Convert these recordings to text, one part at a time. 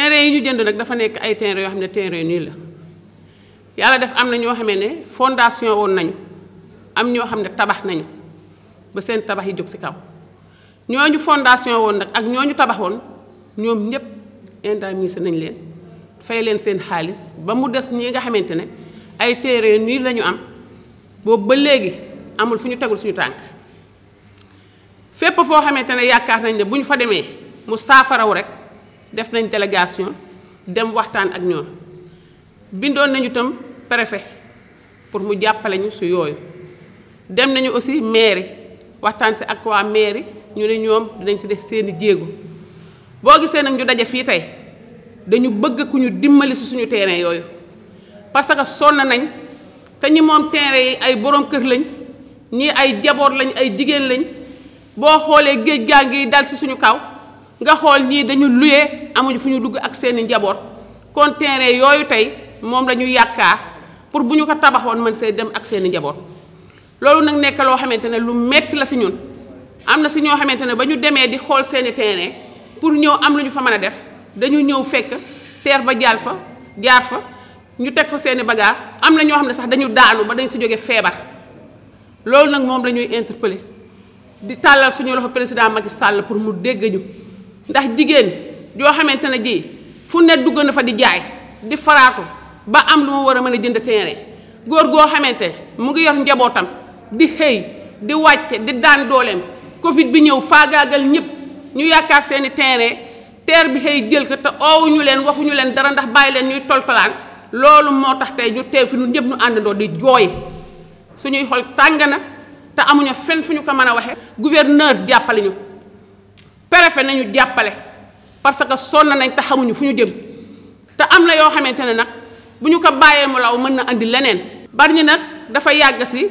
terrain yi ñu jënd nag dafa nekk ay terrain yoo xam ne terrain nii la yàlla def am na ñoo xamee ne fondation woon nañu am ñoo xam ne tabax nañu ba seen tabax yi jóg ci kaw ñooñu fondation woon nag ak ñooñu tabaxoon ñoom ñëpp indemnisé nañ leen fay leen seen xaalis ba mu des ñii nga xamante ne ay terrain nii la ñu am boobu ba léegi amul fu ñu tegul suñu tànk fépp foo xamante ne yaakaar nañ ne bu ñu fa demee mu saafaraw rek. def nañ délégation dem waxtaan ak ñoom bindoon nañu itam préfet pour mu jàppale ñu su yooyu dem nañu aussi mairie waxtaan si ak waa mairie ñu ne ñoom dinañ si def seeni jéego boo gisee nag ñu daje fii tey dañu bëgg ku ñu dimbali si suñu terrain yooyu parce que sonn nañ te ñi moom terrain yi ay borom kër lañ ñii ay jaboot lañ ay jigéen lañ boo xoolee géej gaa ngi dal si suñu kaw nga xool ñii dañu luye amuñu fu ñu dugg ak seeni njaboot kon terrain yooyu tey moom la ñu yàkkaar pour bu ñu ko tabaxoon mën see dem ak seeni njaboot loolu nag nekk loo xamante ne lu metti la si ñun am na si ñoo xamante ne ba ñu demee di xool seeni terrain pour ñëw am lu ñu fa mën a def dañu ñëw fekk teer ba jaal fa jaar fa ñu teg fa seeni bagage am na ñoo xam ne sax dañu daanu ba dañ si jóge feebar loolu nag moom la ñuy interpellé di tàllal suñu loxo président Macky Sall pour mu dégg ñu ndax jigéen joo xamante ne ji fu ne dugg na fa di jaay di faraatu ba am lu mu war a mën a jënd terrain góor goo xamante mu ngi yor njabootam di xëy di wàcce di daan dooleem Covid bi ñëw faagaagal ñëpp ñu yaakaar seeni terrain terre bi xëy jël ko te oowuñu leen waxuñu leen dara ndax bàyyi leen ñuy toltolaan loolu moo tax tey ñu teew fi ñu ñëpp ñu àndandoo di jooy suñuy xol tàng na te amuñu fenn fu ñu ko mën a waxee gouverneur jàppale ñu. préfet nañu jàppale parce que sonn nañ te xamuñu fu ñu jëm te am na yoo xamante ne nag bu ñu ko bàyyee mu law mën na andi leneen. bari nag dafa yàgg si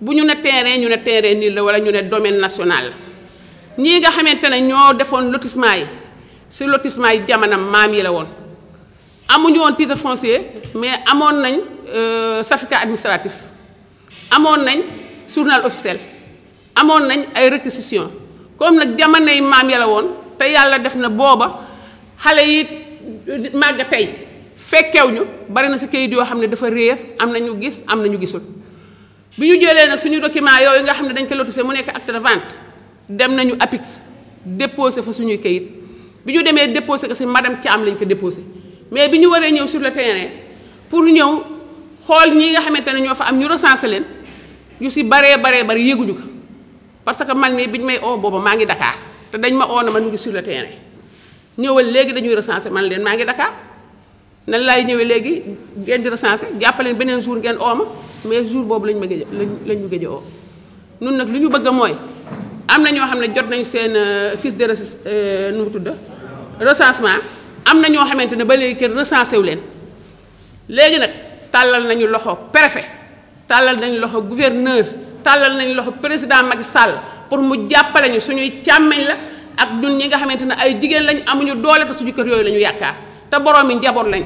bu ñu ne terrain ñu ne terrain nii la wala ñu ne domaine national la ñii nga xamante ne ñoo defoon lotissement yi si lotissement yi jamono maam yi la woon. amuñu woon titre foncier mais amoon nañ euh, certificat administratif amoon nañ journal officiel amoon nañ ay réquisition comme nag jamonoy maam ya la woon te yàlla def na booba xale yi màgg tey fekkew ñu bari na si kayit yoo xam ne dafa réer am na ñu gis am na ñu gisul bi ñu jëlee nag suñu document yooyu nga xam ne dañ ko lotissé mu nekk acte de vente dem nañu APIX déposé fa suñuy kayit bi ñu demee déposé ko si madame am lañ ko déposé mais bi ñu waree ñëw sur le terrain pour ñëw xool ñi nga xamante ne ñoo fa am ñu recensé leen ñu si baree baree bari yéguñu ko. parce que man mii bi ñu may oo booba maa ngi Dakar te dañ ma oo na ma nu ngi sur le ñëwal léegi dañuy recenser man leen maa ngi Dakar nañ laay ñëwee léegi ngeen di recenser jàppaleen beneen jour ngeen oo ma mais jour boobu lañu ma gëj lañ ñu gëj a oo nag lu ñu bëgg mooy am na ñoo xam ne jot nañu seen euh, fiche de re euh, nu mu tudd recensement am na ñoo xamante ne ba léegi kenn recensé wu leen léegi nag tàllal nañu loxo préfet tàllal nañu loxo gouverneur tàllal nañ loxo président Macky Sall pour mu jàppale ñu suñuy càmmeñ la ak ñun ñi nga xamante ne ay jigéen lañ amuñu doole te suñu kër yooyu la ñu yaakaar te boroomi njaboot lañ.